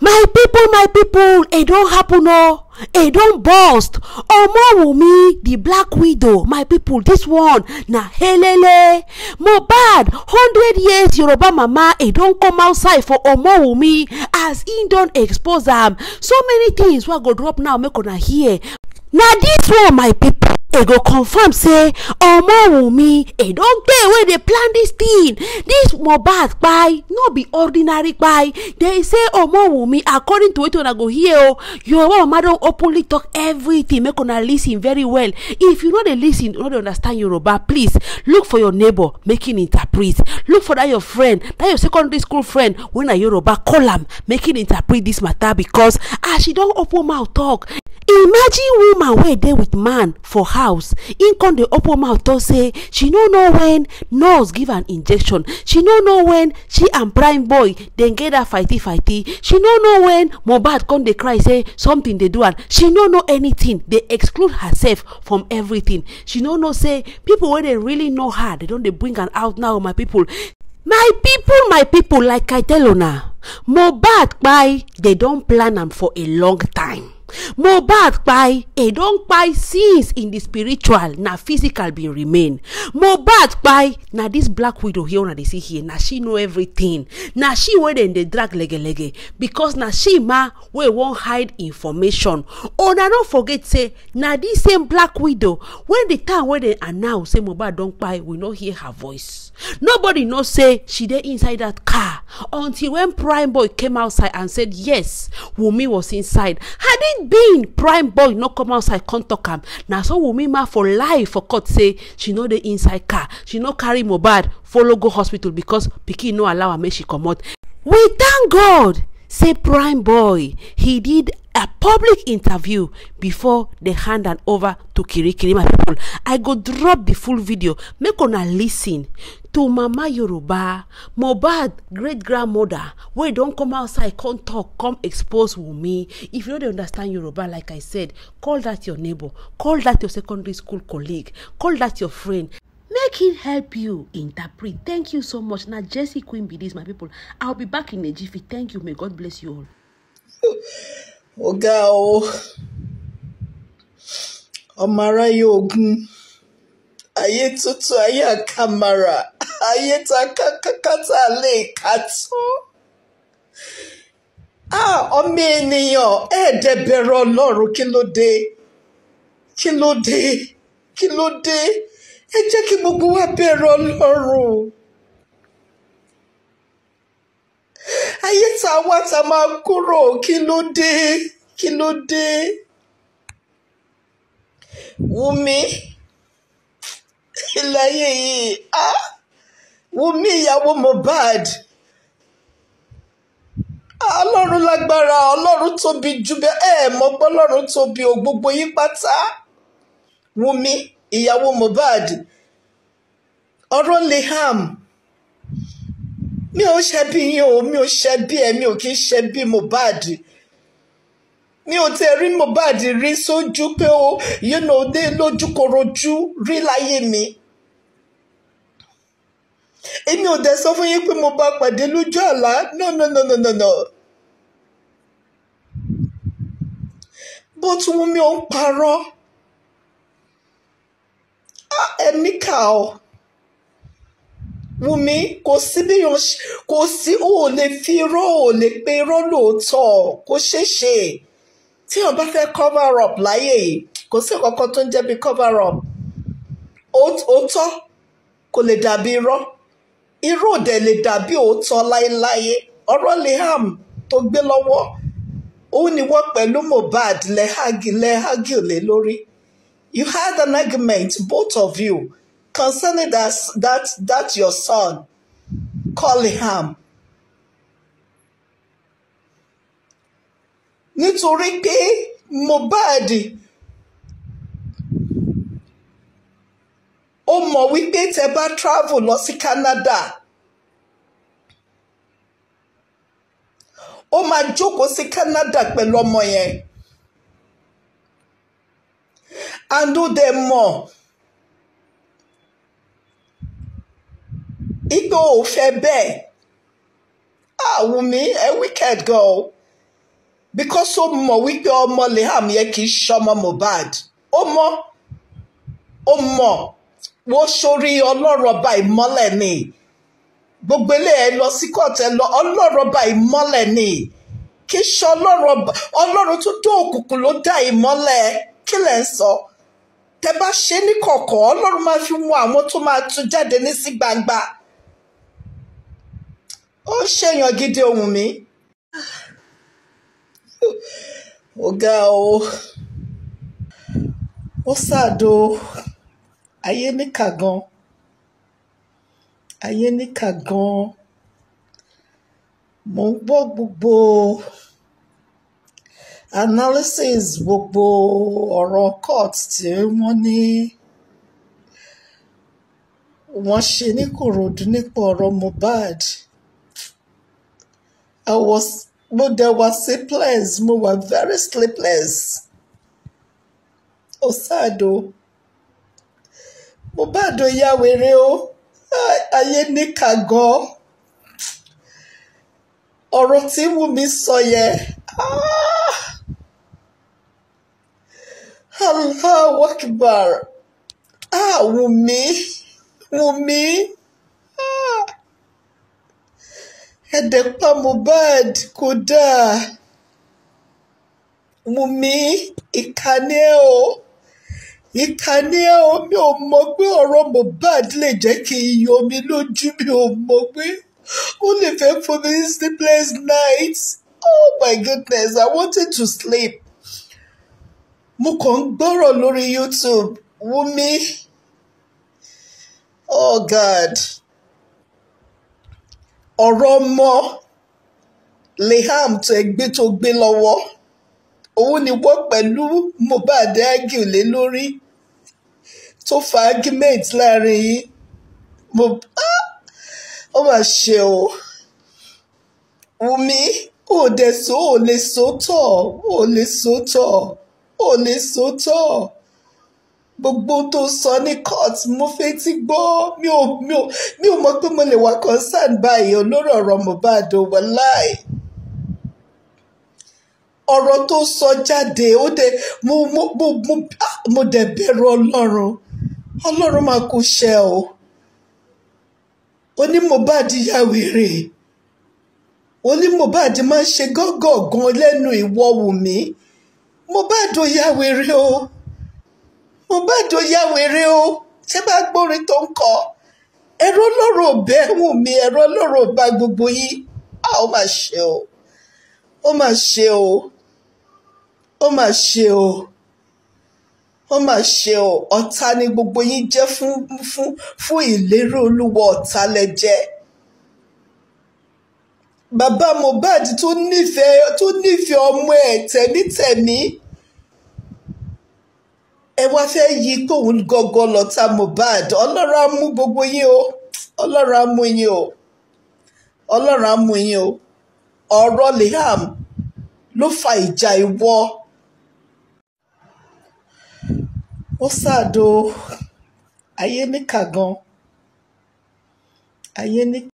my people, my people, e don happen o e don burst omowumi the black widow my people. This one na helele mohbad hundred years yoruba mama e don come outside for omowumi as im don expose am so many things wey i go drop now make una hear na this one my people. They go confirm say omo e don tey wey dey plan this thing This mohbad kpai no be ordinary kpai They say omo according to wetin una go hear o oh, yoruba mama don openly talk everything make una lis ten very well if you no dey lis ten you no dey understand yoruba please look for your neighbor make him interpret look for that your friend that your secondary school friend wey na yoruba call am make him interpret dis matter because as she don open mouth talk imagine woman wey dey with man for house. house him come the open mouth talk say she no know when nurse give an injection she no know when she and prime boy dem get a fighty fighty she no know when mohbad come dey cry say something dey do am she no know anything dey exclude herself from everything she no know say people wey dey really know her dey don dey bring am out now my people my people my people like i tell una mohbad kpai dey don plan am for a long time mohbad kpai e don kpai since in the spiritual na physical bin remain mohbad kpai na this black widow here una dey see here na she know everything na she wey dem dey drag legelege because na she ma wey wan hide information una no forget say na this same black widow wen the time wey dem announce say mohbad don kpai we no hear her voice nobody know say she dey inside that car until when prime boy came outside and said yes wunmi was inside hadith being prime boy no come outside come talk am na so wunmi ma for lie for court say she no dey inside car she no carry mohbad follow go hospital because pikin no allow am make she comot we thank god say prime boy he did a public interview before they hand am over to kirikiri my people i go drop the full video make una lis ten to mama yoruba mohbad great grandmother wey don come outside come talk come expose wunmi if you no dey understand yoruba like i said call that your neighbor call that your secondary school colleague call that your friend make him help you interpret thank you so much na Jesse queen be this my people i'll be back in a jiffy thank you may god bless you all. ọ̀gá o ọmọ aráyé ogun ayé tuntun ayé àkàmàrà. ayé ta kátà lè kà tán. ọmọ ènìyàn ẹ̀ẹ́dẹ̀bẹ̀rẹ̀ ọlọ́run kí ló dé kí ló dé kí ló dé ẹ jẹ́ kí gbogbo wa bẹ̀rẹ̀ ọlọ́run. ayé ta wá ta máa kúrò kí ló dé kí ló dé. Wùmí ìlàyé yìí Wumi ìyàwó Mohbad ọlọ́run lágbára ọlọ́run tóbi jù bẹ́ẹ̀ ẹ mọ̀ pé ọlọ́run tóbi ò gbogbo yín pátá Wùmí ìyàwó Mohbad ọ̀rọ̀ Liam mi ò ṣẹ̀bi yín o mi ò ṣẹ̀bi ẹ̀ mi ò kì í ṣẹ̀bi Mohbad mi ò tẹ rí Mohbad rí sójú pé o yín ló dé rí láyé mi èmi ò dẹ̀ sọ fún yín pé mo bá pàdé lójú àlá no no no no no no. bó tún mú mi ò ń parọ́ ẹ̀mí kà ọ́ wùmí kò sí bí yàn kò sí ò lè fi irọ́ ò lè pe irọ́ lóòótọ́ kò ṣeé ṣe tí yàn bá fẹ́ cover up láyè yìí kò sí kankan tó ń jẹ́ bí cover up òótọ́ kò lè dàbí irọ́ irú òdẹ lè dàbí òótọ́ láéláé ọ̀rọ̀ liam tó gbé lọ́wọ́ òun ni wọ́n pẹ̀lú Mohbad lẹ́hàgì lẹ́hàgì lé lórí you had an argument both of you concerning that that that your son call liam nítorí pé Mohbad. ó mọ̀ wípé tẹ bá travel lọ sí Canada ó máa jókòó sí Canada pẹ̀lú ọmọ yẹn andú dẹ mọ̀ igbó ò fẹ́ bẹ́ẹ̀ àwùmí ah, ẹ wicked girl because ó mọ̀ wípé ọmọ Liam yẹ kì í ṣọmọ Mohbad ó mọ̀ ó mọ̀. wọ́n sórí ọlọ́rọ̀ ọba ìmọ́lẹ̀ ni gbogbo ilé ẹ lọ sí kóòtù ẹ lọ ọlọ́rọ̀ ọba ìmọ́lẹ̀ ni kì í ṣe ọlọ́rọ̀ ọlọ́run tó dó òkùnkùn ló dá ìmọ́lẹ̀ kí lẹ̀ ń sọ tẹ bá ṣe ní kọ̀kọ̀ ọlọ́run máa fi mú àwọn tó máa tú jáde ní sí gbangba ó ṣèyàn gidi ohun mi ó ga o ó sàdó ayé níkà gan ayé níkà gan mo ń gbọ́ gbogbo analysis gbogbo ọ̀rọ̀ court tí wọ́n ní wọ́n ṣe ní Ìkòròdú nípa ọ̀rọ̀ Mohbad I was mo dẹ̀ wá sleepless mo wà very sleepless ó sáàdó. Oh, Mohbad ya wèrè o ayé níkà gan ọ̀rọ̀ tí Wùmí sọ yẹn ah! Allahu Akbar ah Wùmí Wùmí ah! ẹ̀dẹ̀ pa Mohbad kò dáa Wùmí ìkànnì ẹ̀ o ìkànnì ẹ o mi ò mọ pé ọ̀rọ̀ Mohbad lè jẹ́ kí iye omi lójú mi ò mọ pé ó lè fẹ́ fún mi sleepless night oh my goodness I wanted to sleep mo kàn ń gbọ́rọ̀ lórí YouTube Wumi oh God ọ̀rọ̀ ọmọ Liam tó ẹgbẹ́ tó gbé lọ́wọ́ òun ni wọ́n pẹ̀lú Mohbad ágìl lé lórí tó fa argument láàrin yìí mo ah, ó mà ṣe o Wùmí ò dẹ̀ so ò lè sòótọ́ ò lè sòótọ́ ò lè sòótọ́ gbogbo tó sọ ní court mo fetí gbọ́ mi ò mi pé mo lè wà concern báyìí olórí ọ̀rọ̀ Mohbad ò wọ́n láì ọ̀rọ̀ tó sọ jáde ó dé mo mo mo mo ah, mo dẹ̀ bẹ̀rù ọlọ́run ọlọ́run máa kó ṣe o oní Mohbad ya wèrè oní Mohbad máa ń ṣe gángan lẹ́nu ìwọ Wùmí Mohbad ò ya wèrè o Mohbad ò ya wèrè o ṣé bá gbórin tó ń kọ ẹ̀rọ lọ́rọ̀ bẹ́ẹ̀ Wùmí ẹ̀rọ lọ́rọ̀ bá gbogbo yìí a ó máa ṣe o ó máa ṣe o. ó mà ṣe o ó mà ṣe o ọ̀tá ni gbogbo yín jẹ́ fún fún fún ìlérí olúwa ọ̀tá lẹ bàbá Mohbad tó nífẹ̀ẹ́ tó nífẹ̀ẹ́ ọmọ ẹ̀ tẹ̀mítẹ̀mí ẹ wá fẹ́ yí kóun gọ́gọ́ lọ́ta Mohbad ọlọ́run á mú gbogbo yín o ọlọ́run á mú yín o ọlọ́run á mú yín o ọ̀rọ̀ Liam ló fa ìjà ìwọ ó ṣàdò ayé níkà gan ayé níkà.